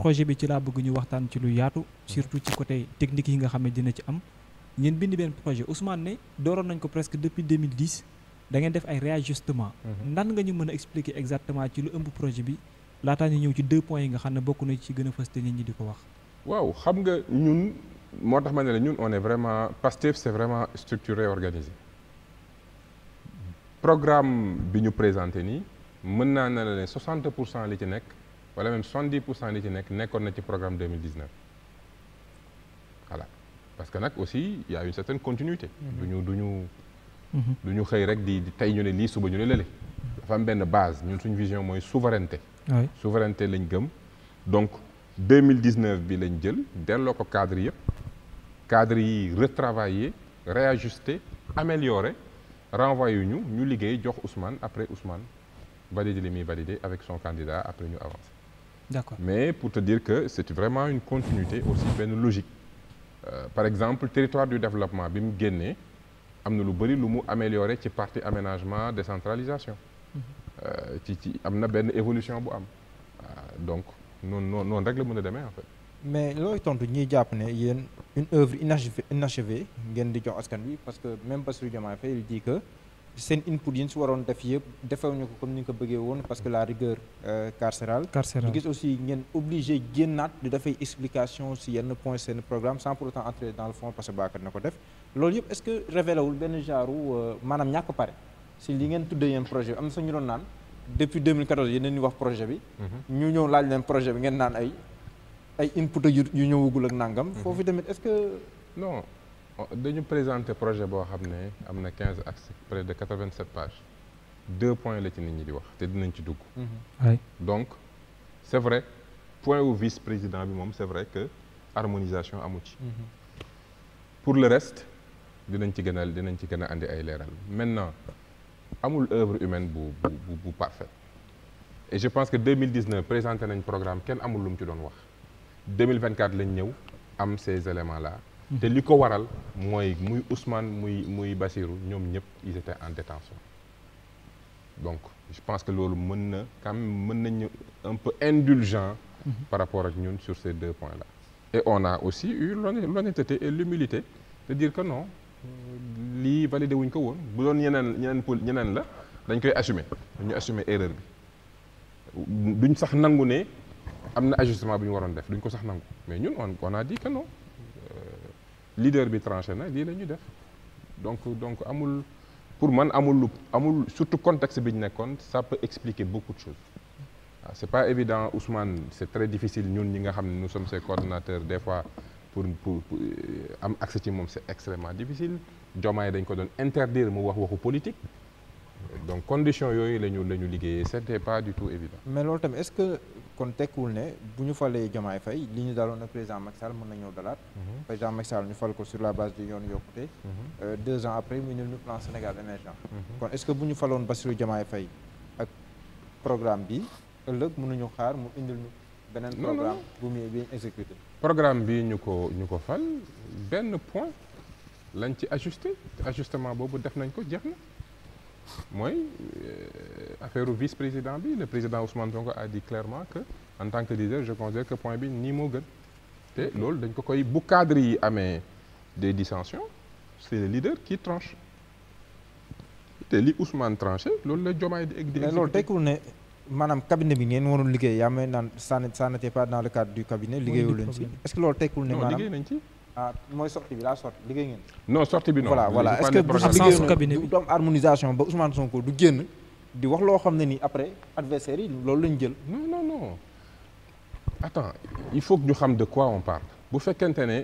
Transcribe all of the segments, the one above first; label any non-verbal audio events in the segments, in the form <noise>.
projet bi ci laa bëgg ñu waxtaan ci lu yaatu surtout ci côté technique yi nga xam ne dina ci am ngeen bind benn projet Ousmane ne dooroon nañ ko presque depuis 2010 da ngeen def ay réajustement mhm. nan nga ñu mën a expliquer exactement ci lu ëmb projet bi laataa ñu ñëw ci deux points yi nga xam ne bokk na ci gën a fës te nit ñi di ko wax waaw xam nga ñun moo tax ma ne la ñun on est vraiment Pastef c'est vraiment structuré organisé programme bi ñu présenté nii mën naa ne la pour cent li ci nekk wala même soixante-dix pour cent ci nekk nekkoon na ci programme 2019 parce que nag aussi il y a une certaine continuité mm-hmm. du ñu du ñu mm-hmm. ñu xëy rek di tey ñu ne lii suba ñu ne lële dafa am benn base ñun suñu vision mooy souveraineté souveraineté lañ gëm donc 2019 bi lañ jël delloo ko cadre yëpp cadre yi retravaillé réajusté amélioré yu ñu ñu liggéey jox Ousmane après Ousmane validé li muy validé avec son candidat après ñu avancé d'accord mais pour te dire que c'est vraiment une continuité aussi benn logique euh, par exemple territoire du développement bi mu génnee am na lu bëri lu mu amélioré ci partie aménagement décentralisation mm-hmm. euh, ci ci am na benn évolution bu am euh, donc noonu noonu noonu rek la mën a demee en fait mais looy tontu ñuy jàpp ne yéen une œuvre inachevée ngeen di jox askan bi parce que même Bassirou Diomaye Faye il dit que seen input yi ñu si waroon def yëpp defewuñu ko comme ni ñu ko bëggee woon parce que la rigueur euh, carcérale ñu gis aussi ngeen obligé génnaat di dafay explication si yenn point seen programme sans pour autant entrer dans le fond parce que baakat na ko def loolu yëpp est-ce que révélé benn genre euh, maanaam ñàkk pare si li ngeen tuddee yeen projet bi am na sax ñu doon naan depuis 2014 yéen ñu wax projet bi mhm. ñu ñëw laaj leen projet bi ngeen naan ay ay input yu ñëwagul ak nàngam mhm. foofu tamit est-ce que non dañu présenter projet boo xam ne am na quinze axes près de quatre vingt sept pages deux points la ci nit ñi di wax te dinañ ci dugg. Mhm. donc c' est vrai point wu vice président bi moom c' est vrai que harmonisation amu ci. Mhm. pour le reste dinañ ci gën a dinañ ci gën a andi ay leeral maintenant amul œuvre humaine bu bu bu parfaite et je pense que 2019 présenté nañ programme kenn amul lu mu ci doon wax 2024 lañ ñëw am ces éléments là. te li ko waral mooy muy Ousmane muy muy Bassirou ñoom ñëpp ils étaient donc je pense que loolu mën na quand mën nañu un peu indulgent mhm. par rapport ak ñun sur ces deux points là et on a aussi eu l'honnêteté et l'humilité de dire que non lii validé wuñ ko woon bu doon ñeneen ñeneen ñeneen la dañ koy assumer dañu assumé erreur bi duñ sax nangu ne am na ajustement bu waroon def duñ ko sax nangu mais ñun on on a dit que leader bi tranché na lii la ñu def donc donc amul pour man amul lu amul surtout contexte bi ñu nekkoon ça peut expliquer beaucoup de choses waaw ah, c'est pas évident Ousmane c'est très difficile ñun ñi nga xam ne nous sommes ses coordonnateurs des fois pour pour euh, am accès ci moom c'est extrêmement difficile Diomaye dañ ko doon interdire mu wax waxu politique donc condition yooyu la ñu la ñu liggéeyee c'était pas du tout évident mais loolu tamit est-ce que kon tekkuwul ne bu ñu falee Diomaye fay li ñu daloon ak président Macky Sall mën na ñëw dalaat mhm. président Macky Sall ñu fal ko sur la base du yoon yokkute mhm. euh, deux ans après mu ñëw ñu plan Sénégal émergent mhm. kon est-ce que bu ñu faloon Bassirou Diomaye Faye ak programme bi ëllëg mënuñu xaar mu indil ñu beneen programme bu muy bi ñu programme bi ñu ko ñu ko fal benn point lañ ci ajusté te ajustement boobu def nañ ko jeex na mooy euh, affaire u vice président bi le président Ousmane Sonko a di clairement que en tant que leader je considère point bi nii moo gën te loolu dañ ko koy bu cadre yi amee des dissensions c'est le leader qui tranche te li Ousmane tranché loolu la Diomaye di egg di loolu tekkul ne maanaam cabinet bi ngeen waroon liggéey yaa may naan ça n'était pas dans le cadre du cabinet liggéeyoo leen ci est-ce que loolu tekkul ne maanaam liggéey nañ ci ah mooy sortie bi la sortie liggéey ngeen. non sortie bi non voilà voilà est-ce que bu du am harmonisation ba Ousmane Sonko du génn di wax loo xam ne nii après adversaire yi loolu lañ jël. non non non il faut que ñu xam de quoi on parle bu fekkente ne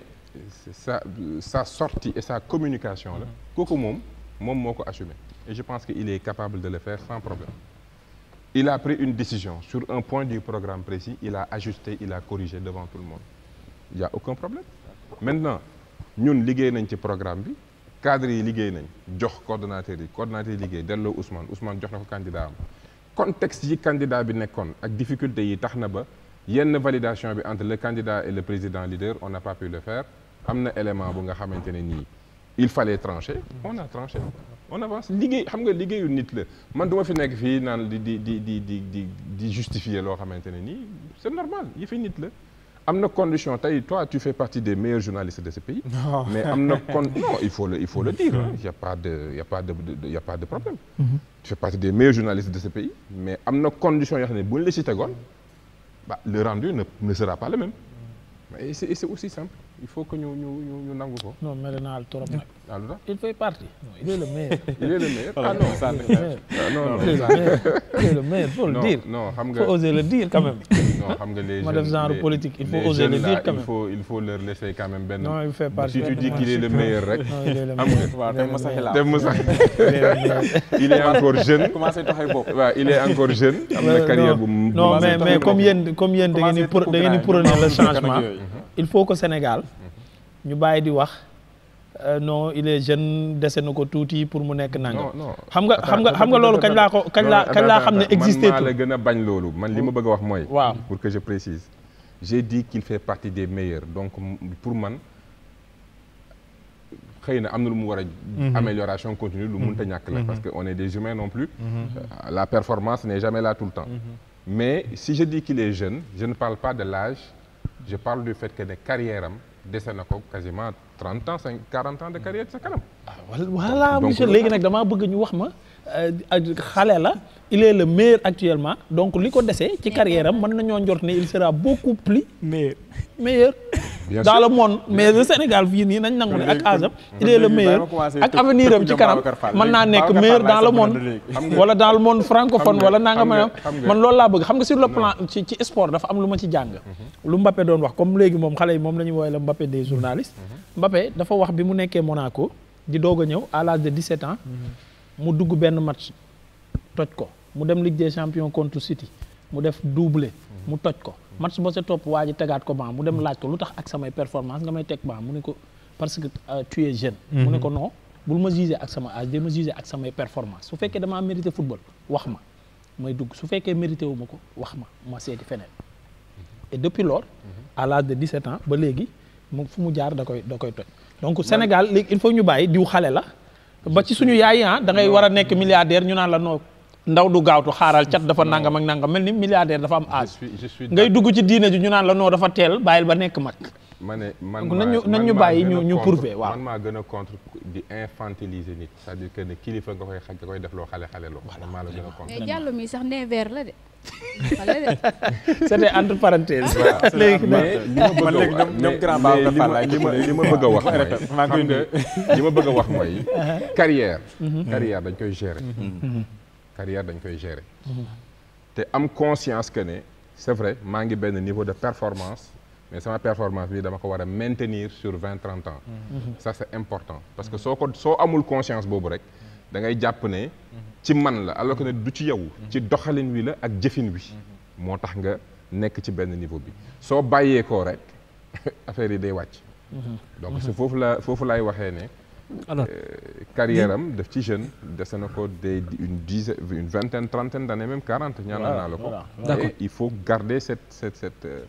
sa sa sortie et sa communication la mm-hmm. kooku moom moom moo ko assumé et je pense que il est capable de le faire sans problème. il a pris une décision sur un point du programme précis il a ajusté il a corrigé devant tout le monde a aucun maintenant ñun liggéey nañ ci programme bi cadre yi liggéey nañ jox coordonnateur yi coordonnateur yi liggéey delloo Ousmane Ousmane jox na ko candidat am contexte yi candidat bi nekkoon ak difficulté yi tax na ba yenn validation bi entre le candidat et le président leader on n'a pas pu le faire am na élément bu nga xamante ne nii il fallait trancher on a tranché on avance liggéey xam nga liggéeyu nit la man du ma fi nekk fii naan di di di di di di di justifier loo xamante ne nii c'est normal yi nit la am na condition tey toi tu fais partie des meilleurs journalistes de ce pays. Non. Ah. mais am na con <laughs> non il faut le dire hein. Mm-hmm. y' a pas de y' a pas de y' a pas de problème. Mm tu fais partie des meilleurs journalistes de ce pays. mais am na condition yoo ne bu ñu la bah le rendu ne sera pas le même. mais aussi simple il faut que ñu ñu ñu ñu ko. non mais naa trop nag. alors ah, là il fait partie. il est le meilleur. <laughs> il est le meilleur ah, <laughs> il faut le dire. non faut oser le dire quand même. non xam nga les jeunes genre politique il faut oser le dire quand il faut leur laisser quand même benn. non il fait qu'il est le meilleur rek. am nga waaw tey Moussa Xila. tey il est <laughs> encore jeune. il est encore jeune. am na euh, carrière bu mu non mais mais comme yéen comme yéen da ngeen di. da ngeen di prôner changement. il faut que Sénégal mhm. ñu bàyyi di wax. Euh, non il est jeune dese na ko tuuti pour mu nekk nangam. xam nga xam nga xam nga loolu kañ laa ko kañ laa kañ laa xam ne. existé man maa gën a bañ loolu man li ma bëgg a wax mooy. waaw pour que je précise. j'ai dit qu'il fait partie des meilleurs donc pour man xëy na am na lu mu war a. Mhm. amélioration continue lu mënta mhm. ñàkk la. Mhm. parce que on est des humains non plus. Euh, la performance n'est jamais là tout le temps. mais si je dis qu'il est jeune je ne parle pas de lage je parle du fait que ne carrière dese na ko quasiment trente ans cinq quarante ans de carrière sa kanam. Ah, voilà monsieur léegi nag damaa bëgg ñu wax ma euh, xale la il est le meilleur actuellement donc li ko dese. ci carrière am mën nañoo njort ne il sera beaucoup plus. meilleur meilleur. bien dans le monde mais le Sénégal fii nii nañ nangu ne ak Azam il est le meilleur ak avenir am ci kanam mën naa nekk meilleur dans le monde wala daal le monde francophone wala naa nga maanaam man loolu laa bëgg xam nga sur le plan ci ci sport dafa am lu ma ci jàng mhm. lu Mbappé doon wax comme léegi moom xale yi moom la ñuy woowee la Mbappé des journalistes mhm. Mbappé dafa wax bi mu nekkee Monaco di doog a ñëw à l'âge de 17 ans mhm. mu dugg benn match toj ko mu dem Ligue des champions contre mu def doublé mu toj ko match ba sa topp waa ji tegaat ko ban mu dem laaj ko lu tax ak samay performance nga may teg ban mu ne ko parce que euh, tu es jeune mhm. mu ne ko non bul ma juger ak sama âge de ak samay performance su fekkee damaa mérité football wax ma may dugg su fekkee mérité wu ma ko wax ma ma seeti feneen mhm. et depuis lors mhm. à l'âge de 17 ans ba léegi mu fu mu jaar da koy da koy toj donc Sénégal léegi il faut ñu bàyyi diw xale la ba ci suñu yaay ah dangay war a nekk milliardaire ñu naan la noo ndaw du gaawtu xaaral cat dafa nangam ak nangam mel ni milliardaire dafa am âge ngay dugg ci diine ji ñu naan la noo dafa teel bàyyil ba nekk mag ma ne man nañu nañ ñu bàyyi ñu ñu prouvé waaw man maa gën a contre di infantiliser nit cest à kilifa nga koy xaj koy def loo xale xale loo man maa la gën a contre mais jàll mi sax nee vert la de <laughs> c'était entre parenthèses léegi mais li ma bëgg a wax ma li ma bëgg wax mooy ma bëgg a <laughs> mhm. carrière dañ koy gérer mhm. Mhm. carrière dañ koy gérer. Mhm. te am conscience que ne c'est vrai maa ngi benn niveau de performance mais sama performance bi dama ko war a maintenir sur vingt trente ans. Mhm. ça c'est important parce que soo ko soo amul conscience boobu rek da ngay jàpp ne. ci man la alors que ne du ci yow. ci doxalin wi la ak jëfin wi. Mhm. moo tax nga nekk ci benn niveau bi soo bàyyee bàyyeekoo rek <laughs> affaire yi day wàcc. donc foofu la foofu lay waxee ne. alors euh, carrière am def ci jeune dese na ko des une dizaine une vingtaine trentaine d'années même il faut garder cette cette cette euh,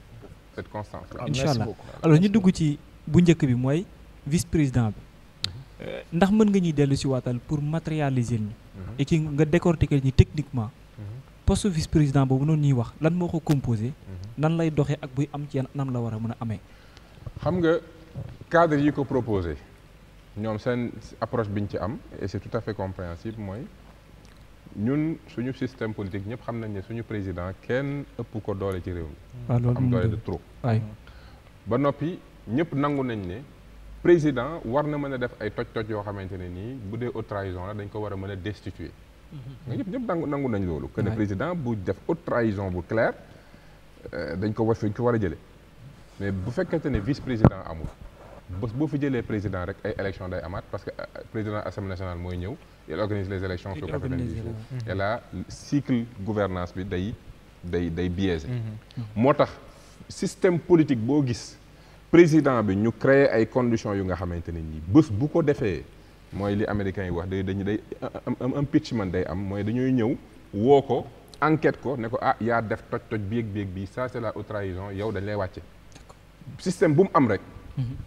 cette constance là ah, incha allah alors ñu dugg ci bu njëkk bi mooy vice président bi mhm. ndax mën nga ñuy dellu si waatal pour matérialiser ñu mhm. et ki nga décortiquer ñi techniquement mhm. poste vice président boobu noonu ñuy wax lan moo ko composé nan lay doxee ak buy am ci yan anam la war a mën a amee xam nga cadre yi ko proposé ñoom seen approche bi ñu ci am et c'est tout à fait compréhensible mooy ñun suñu système politique ñëpp xam nañ ne suñu président kenn ëpp ko doole ci réew mi. Ah, am doole de trop. ba noppi ñëpp nangu nañ ne président war na mën a def ay toj-toj yoo xamante ne nii bu dee haute trahison la dañ ko war a mën a destituer. nga mm-hmm. ñëpp ñëpp nangu nangu nañ loolu. que président bu def haute trahison bu clair euh, dañ ko war fi ko war a jëlee mais bu fekkente ne vice président amul. bés boo fi jëlee président rek ay élection day amaat parce que euh, euh, président assemblée nationale mooy ñëw il organise les élections sur 90 jours et cycle gouvernance bi day day day biaisé mm-hmm. Mm-hmm. tax système politique boo gis président bi ñu créer ay conditions yu nga xamante ne nii bés bu ko defee mooy li américains yi wax day dañu day impeachment day am mooy dañuy ñëw woo ko enquête ko ne ko ah yaa def toj bieg bieg bii ça c'est la haute yow dañ lay wàcce système bu mu am rek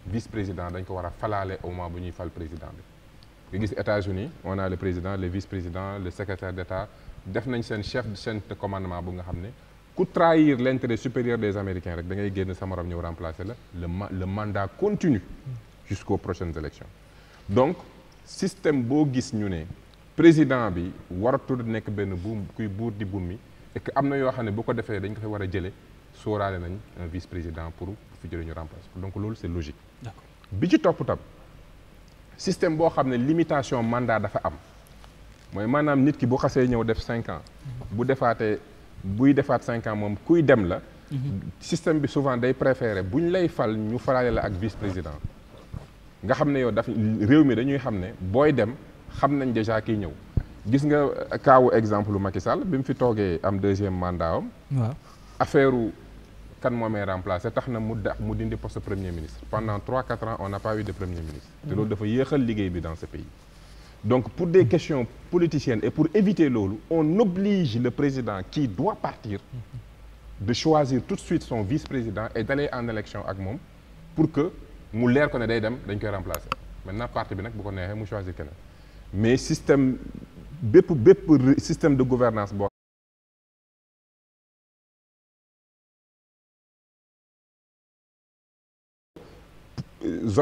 vice président dañ ko war a falaale au moment bu ñuy fal président bi nga gis États-Unis on a le président le vice président le secrétaire d'État def nañ seen chef de chaîne de commandement bu nga xam ne ku trahir l'intérêt supérieur des Américains rek da ngay génn sa morom ñëw remplacer la le le mandat continue jusqu'aux prochaines élections donc système boo gis ñu ne président bi waratul nekk benn buum kuy buur di buum mi et am na yoo xam ne bu ko defee dañ ko fay war a jëlee sóoraale nañ un président pour fi jëlee ñu remplacer donc loolu c' logique. bi ci topp tam système boo xam ne limitation mandat dafa am mooy maanaam nit ki bu xasee ñëw def cinq ans. Mhm. bu defaatee buy defaat cinq ans moom kuy dem la. Mhm. système bi souvent day préféré bu ñu lay fal ñu falaale la ak vice président. nga xam ne yow daf réew mi dañuy xam ne booy dem xam nañ déjà kiy ñëw. gis nga kaawu exemple Macky Sall bi mu fi toogee am deuxième mandat am. waaw kan moo may remplacé tax na mu da mu dindi poste premier ministre pendant trois quatre ans on n'a pas eu de premier ministre te loolu dafa yéexal liggéey bi dans ce pays donc pour des questions politiciennes et pour éviter loolu on oblige le président qui doit partir de choisir tout de suite son vice-président et d'aller en élection ak moom pour que mu leer ko ne day dem dañ koy remplacer maintenant parti bi nag bu ko neexee mu choisir keneen mais système bépp bépp système de gouvernance boo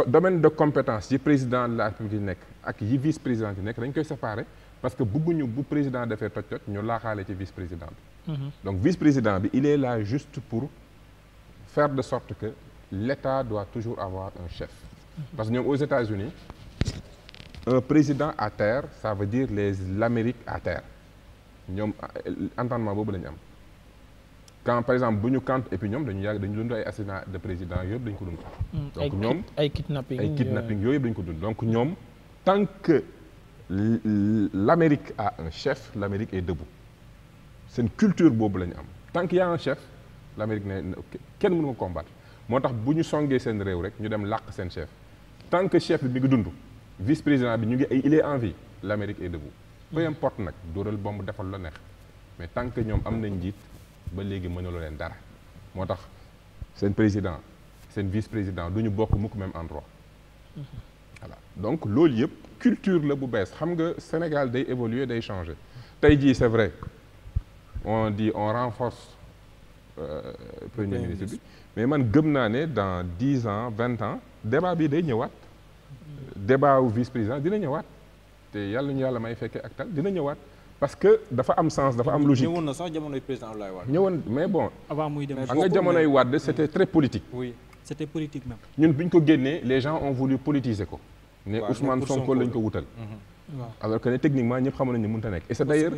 domaine de compétence yi président de la République nekk ak yi vice président yi nekk dañ koy séparer parce que bëgguñu bu président defee toj toj ñu laaxaale ci vice président bi mhm. donc vice président bi il est là juste pour faire de sorte que l'État doit toujours avoir un chef mhm. parce que ñoom aux États-Unis un président à terre sa veut dire les l'Amérique à terre ñoom euh, entendement boobu la ñu am quand par exemple bu ñu camp et puis ñoom dañu yàgg dañu dund ay assassinat de président yëpp dañu ko dund. Hmm, donc ñoom ay kidnapping ay kidnapping yooyu yëpp dañu ko dund donc ñoom tant que l'Amérique a un chef l'Amérique est debout seen culture boobu la ñu am tant que y a un chef l'Amérique ne kenn mënu ko combattre moo tax bu ñu songee seen réew rek ñu dem làq seen chef tant que chef bi mi ngi dund vice président bi ñu ngi ay il est en vie l'Amérique est debout peu importe nag dóoral bomb defal la neex mais tan que ñoom am nañ njiit. ba léegi mënalu leen dara moo tax seen président seen vice président du ñu bokk mukk même endroit voilà donc loolu yëpp culture la bu bees xam nga Sénégal day évoluer day changer tey jii c'est vrai on di on renforce euh, premier ministre bi mais man gëm naa ne dans dix ans vingt ans débat bi day ñëwaat mm. débat wu vice président dina ñëwaat te yàlla ñu yàlla may fekkee ak tal dina ñëwaat parce que dafa am sens dafa am logique. ñëwoon na sax jamonoy président Abdoulaye Wade. ñëwoon mais bon. avant muy dem xam nga jamonoy Wade c' très politique. ñun bi ñu ko génnee les gens ont voulu politiser ko. ne Ousmane Sonko lañ ko wutal. Mhm. alors que ne techniquement ñëpp xamoon nañu ne mënut a nekk. et c' est d' ailleurs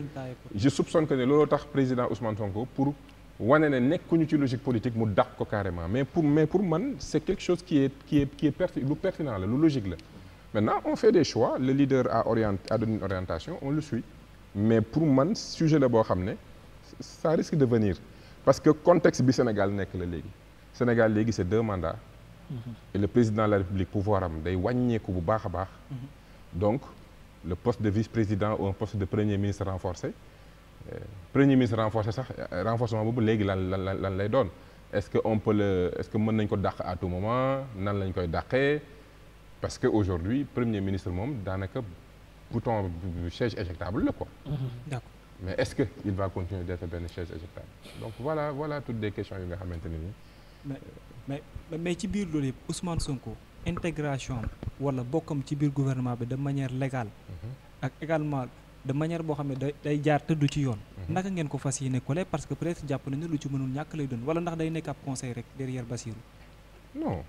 je soupçonne que ne looloo tax président Ousmane Sonko pour wane ne nekkuñu ci logique politique mu dàq ko carrément mais pour mais pour man c' est quelque chose qui est qui est qui est lu pertinent la mais pour man sujet la boo xam ne ça risque de venir parce que contexte bi Sénégal nekk la léegi Sénégal léegi c'est deux mandats mm-hmm. et le président de la République pouvoir am day wàññeeku bu baax a baax mm-hmm. donc le poste de vice-président ou un poste de premier ministre renforcé euh, premier ministre renforcé sax renforcement boobu léegi lan lan lan lay doon est-ce que on peut le est-ce que mën nañ ko dàq à tout moment nan lañ koy dàqee parce que aujourd'hui premier ministre moom daanaka bouton chaise éjectable la quoi. Mhm. d'accord mais est-ce que il va continuer d'être benn chaise éjectable donc voilà voilà toutes des questions yi nga xamante ne euh, mais mais ci biir loolu yëpp Ousmane Sonko intégration wala bokkam ci biir gouvernement bi de manière légale. Mhm. ak également de manière boo xam ne day jaar tëdd ci yoon. Mhm. naka ngeen ko fas ko collé parce que peut-être jàpp nañu lu ci mënul ñàkk lay doon wala ndax day nekk ab conseil rek derrière Bassirou. non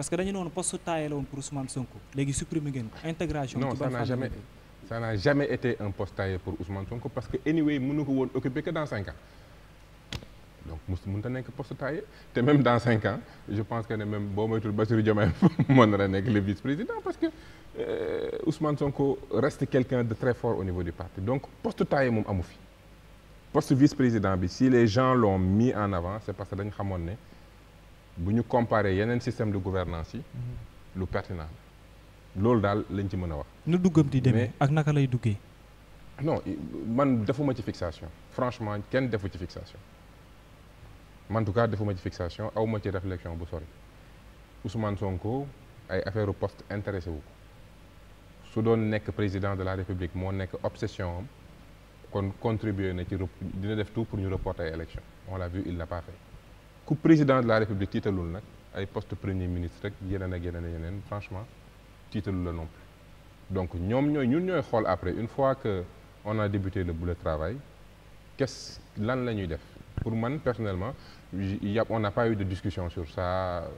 parce que dañu ne woon poste la woon pour Ousmane Sonko léegi supprimer ngeen intégration. non ça n'a jamais jamais été un poste taillé pour Ousmane Sonko parce que anyway mënu ko woon occuper que dans cinq ans. donc mos mënut a nekk poste taillé te même dans cinq ans je pense que ne même boo moytul Bassirou Diomaye mën na la nekk le vice-président parce que euh, Ousmane Sonko reste quelqu'un de très fort au niveau du parti donc poste taillé moom amu fi poste vice-président les en avant c'est parce que dañu xamoon ne. bu ñu comparer yeneen système de gouvernance yi mhm. lu pertinent la loolu daal lañ ci mën a wax nu duggam di demee ak naka lay duggee non man defuma ci fixation franchement kenn defu ci fixation man en defuma ci fixation awma ci réflexion bu sori Ousmane Sonko ay affaire poste intéressé wu ko su doon nekk président de la république moo nekk obsession am kon contribuer na ci dina def tout pour ñu reporter élection on l'a vu il l'a pas fait ku président de la république tiitalul nag ay poste premier ministre rek yeneen ak yeneen yeneen franchement tiitalul la non donc ñoom ñooy ñun ñooy xool après une fois que on a débuté le boulot de travail quest lan la ñuy def pour man personnellement y a on n'a pas eu de discussion sur ça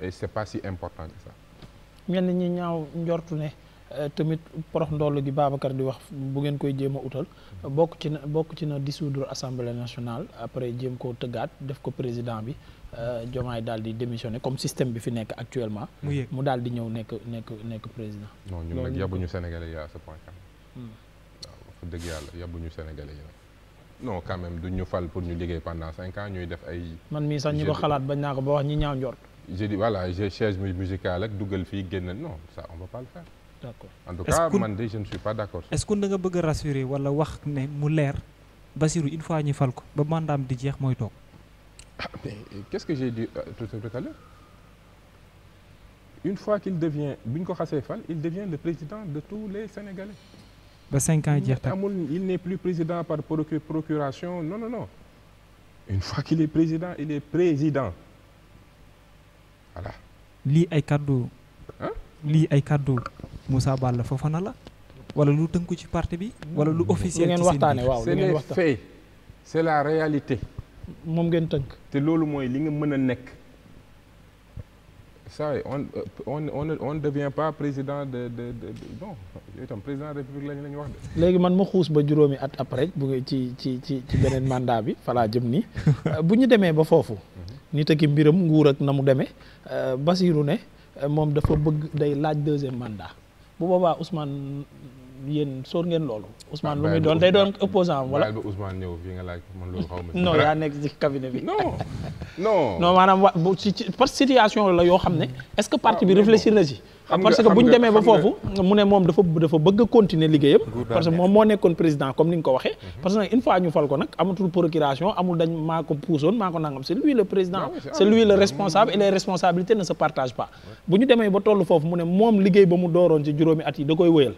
et c'est pas si important que ça. ñenn ñi ñaaw njortu ne. Euh, tamit porox ndoll gi Babacar di wax bu ngeen koy jéem a utal bokk ci na bokk ci na dissoudre assemblée nationale après jéem koo tëggaat def ko président bi euh, Diomaye daal di démissionné comme système bi fi nekk actuellement. mu daal di ñëw nekk nekk nekk président. non ñun nag yabuñu Sénégalais yi à ce point là. Hmm. waaw fa dëgg yàlla même duñ ñu fal pour ñu liggéey pendant cinq ans ñuy def ay. man mii sax ñi ko xalaat ba naa ko ba wax ñi ñaaw njort. j'ai dit voilà j'ai chaise musicale ak dugal fii génn non ça on va pas le d'accord en tout cas man de je ne suis pas est-ce que da nga bëgg a rassurer wala wax ne mu leer Bassirou une fois ñu fal ko ba mandaam di jeex mooy toog. ah mais euh, qu'est-ce euh, tout à l'heure une fois qu'il devient bu ñu ko xasee fal il devient le président de tous les Sénégalais. ba cinq ans jeex amul il n'est plus président par procuration non non non une fois qu'il est président il est président voilà. lii ay kàddu. lii ay kàddu. Moussa fa na la wala lu tënku ci parti bi. wala lu officiel ci seen waxtaanee waaw lu ngeen waxtaan c'est c'est la réalité. moom ngeen tënk. te loolu mooy li nga mën a nekk. ça on on on on ne devient pas président de de de tam président de la république lañu lañu wax léegi man ma xuus ba juróomi at après bu ci ci ci beneen mandat bi falaa jëm nii <laughs> bu ñu demee ba foofu. ñu ak mbiram nguur ak na mu demee Basirou ne moom dafa bëgg day laaj deuxième mandat. bu boobaa Ousmane yéen sóor ngeen loolu. Ah, Ousmane lu doon day doon opposant wala. ba Ousmane ñëw fii nga laaj man loolu xaw ma. non yaa nekk ci cabinet bi. non non non maanaam wa bu ci parce situation la yoo xam ne. est-ce que parti bi ah, réfléchir na ci. parce que bu ñu demee ba foofu mu ne moom dafa dafa bëgg a continuer liggéeyam parce que moom moo nekkoon président comme ni nga ko waxee mhm. parce que nag une fois ñu fal ko nag amatul procuration amul dañ maa ko puusoon maa ko nangam c'est lui le président c'est lui le responsable et les responsabilités ne se pas bu ñu demee ba toll foofu mu ne moom liggéey ba mu dooroon ci juróomi at yi da koy wëyal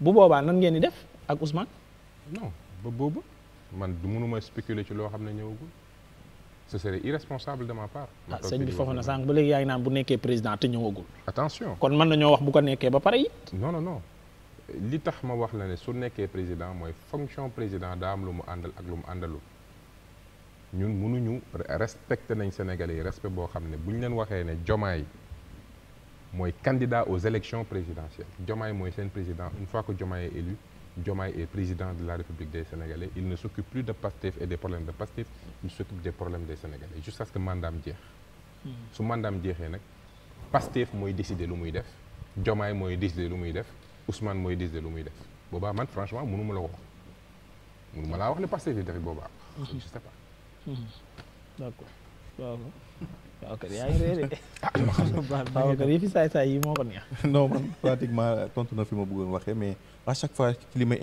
bu boobaa nan ngeen di def ak Ousmane non ba booba man du mënuma spéculer ci loo xam ne ñëwagul ce serait irresponsable de ma part. ah sëñ bi foofu na sànq ba léegi yaa ngi naan bu nekkee président te ñëwagul. attention kon mën nañoo wax bu ko nekkee ba pare it. non non non li tax ma wax la ne su nekkee président mooy fonction président daa am lu mu àndal ak lu mu àndalu ñun mënuñu respecté nañ Sénégalais yi respect boo xam ne bu ñu leen waxee ne Diomaye mooy candidat aux élections présidentielles Diomaye mooy seen président une fois que Diomaye élu Diomaye est président de la République des Sénégalais il ne s'occupe plus de Pastef et des problèmes de Pastef il s'occupe des problèmes des Sénégalais jusqu'à ce que mandaam jeex hmm. su mandaam jeexee nag Pastef mooy décider lu muy def Diomaye mooy décider lu muy def Ousmane mooy décider lu muy def boobaa man franchement mënu ma la wax mënu ma laa wax ne Pastef yi def boobaa hmm. je sais pas hmm. d'accord Babacar yaa ngi réeré. ah ma xam ne Babacar yëfi saay saay yi moo ko neex. non man pratiquement tontu na fi mais à chaque fois ci li may